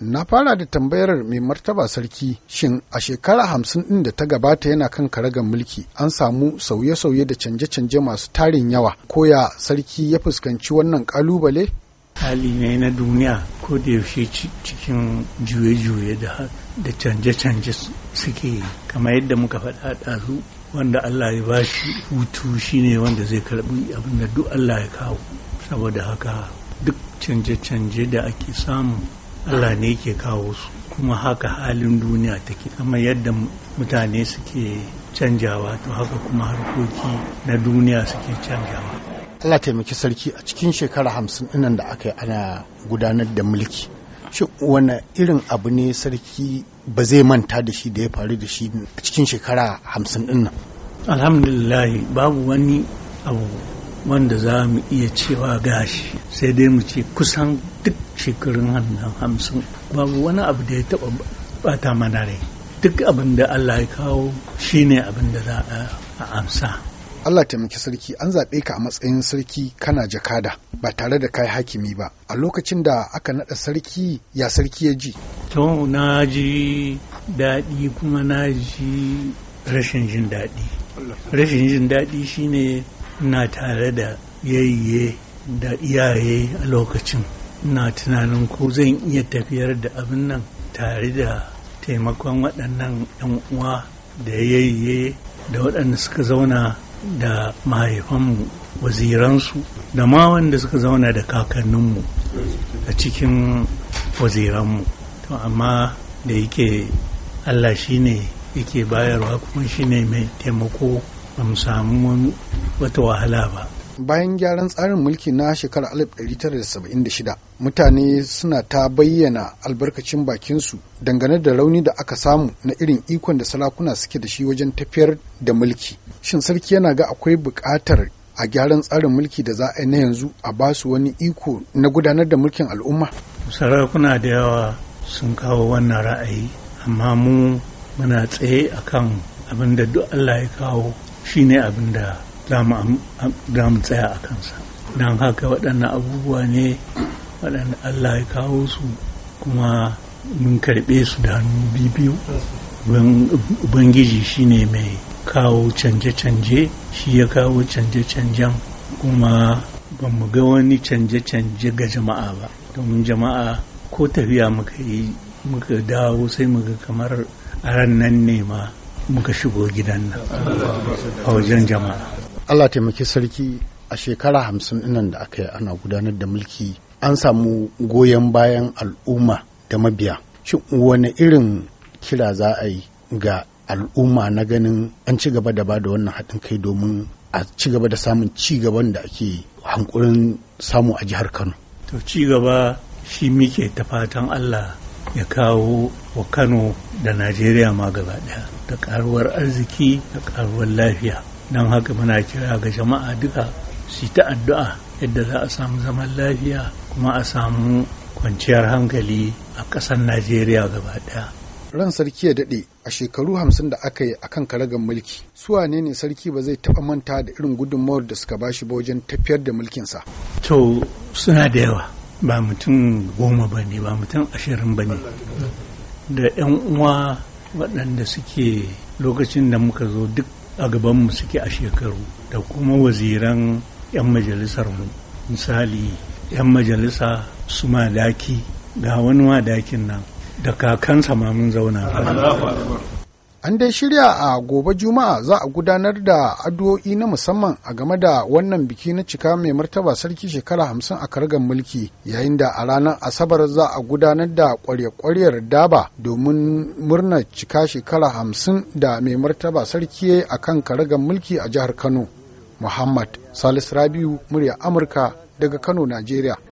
na fara da tambayar mai martaba sarki shin a shekara hamsin ɗin da ta gabata yana kan karagar mulki an samu sauye-sauye da canje-canje masu tarin yawa Ko ya sarki ya fuskanci wannan kalubale hali ne na duniya ko da yaushe cikin juye-juye da canje-canje suke kamar yadda muka faɗa ɗazu wanda Allah ya bashi hutu shine wanda zai karɓi abin da duk Allah ya kawo saboda haka duk canje-canje da ake samu Allah ne ke kawo su kuma haka halin duniya take kama yadda mutane suke canjawa to haka kuma harkoki na duniya suke canjawa Allah taimaki sarki a cikin shekara hamsin ɗinan da aka yi ana gudanar da mulki shi wani irin abu ne sarki ba zai manta da shi da ya faru da shi a cikin shekara hamsin ɗinnan alhamdulillah babu wani abu wanda za mu iya cewa gashi sai dai mu ce kusan duk shekarun hannun hamsin babu wani abu da ya taɓa bata mana rai duk abin da Allah ya kawo shine abin da za a amsa Allah taimaki sarki an zaɓe ka a matsayin sarki kana jakada ba tare da kai hakimi ba a lokacin da aka naɗa sarki ya sarki ya ji to na ji daɗi kuma na ji rashin jin daɗi rashin jin daɗi shine na tare da yayye da iyaye a lokacin na tunanin ko zan iya tafiyar da abin nan tare da taimakon waɗannan 'yan uwa da yayye da waɗanda suka zauna da mahaifanmu waziransu da ma wanda suka zauna da kakanninmu a cikin waziranmu to amma da yake allah shi shine yake bayarwa kuma shi ne mai taimako ba mu samu wata wahala ba bayan gyaran tsarin mulki na shekarar 1976 mutane suna ta bayyana albarkacin bakinsu dangane da rauni da aka samu na irin ikon da sarakuna suke da shi wajen tafiyar da mulki shin sarki yana ga akwai buƙatar a gyaran tsarin mulki da za a yi na yanzu a ba su wani iko na gudanar da mulkin al'umma sarakuna da yawa sun kawo wannan ra'ayi amma mu muna tsaye akan abin da duk allah ya kawo shine abin da za mu tsaya a kansa don haka waɗannan abubuwa ne waɗanda allah ya kawo su kuma mun karɓe su da hannu biyu ubangiji shine mai kawo canje-canje shi ya kawo canje-canjen kuma ba mu ga wani canje-canje ga jama'a ba domin jama'a ko tafiya muka yi muka dawo sai muka kamar a ran nan ne ma muka shigo gidan nan a wajen jama'a Allah taimaki sarki a shekara hamsin ɗinnan da aka yi ana gudanar da mulki an samu goyon bayan al'umma da mabiya shin wani irin kira za a yi ga al'umma na ganin an ci gaba da ba da wannan haɗin kai domin a ci gaba da samun ci gaban da ake hankurin samu a jihar kano to ci gaba shi muke ta fatan allah ya kawo wa kano da najeriya ma gaba ɗaya da ƙaruwar arziki da ƙaruwar lafiya don haka muna kira ga jama'a duka su ta addu'a yadda za a samu zaman lafiya kuma a samu kwanciyar hankali a ƙasar najeriya gaba ɗaya ran sarki ya daɗe a shekaru hamsin da aka yi akan karagar mulki su wane ne sarki ba zai taɓa manta da irin gudunmawar da suka bashi ba wajen tafiyar da mulkinsa to suna da yawa ba mutum goma ba ne ba mutum ashirin ba ne da 'yan uwa waɗanda suke lokacin da muka zo duk a gabanmu suke a shekaru da kuma waziran 'yan majalisar mu misali 'yan majalisa su madaki ga wani madakin nan da kakansa ma mun zauna An dai shirya a gobe Juma'a za a gudanar da addu'o'i na musamman a game da wannan biki na cika mai martaba sarki shekara hamsin a kargan mulki yayin da a ranar Asabar za a gudanar da kwarya-kwaryar daba domin murnar cika shekara hamsin da mai martaba sarki a kan kargan mulki a jihar Kano. Muhammad salis Rabiu, murya Amurka daga Kano, Najeriya.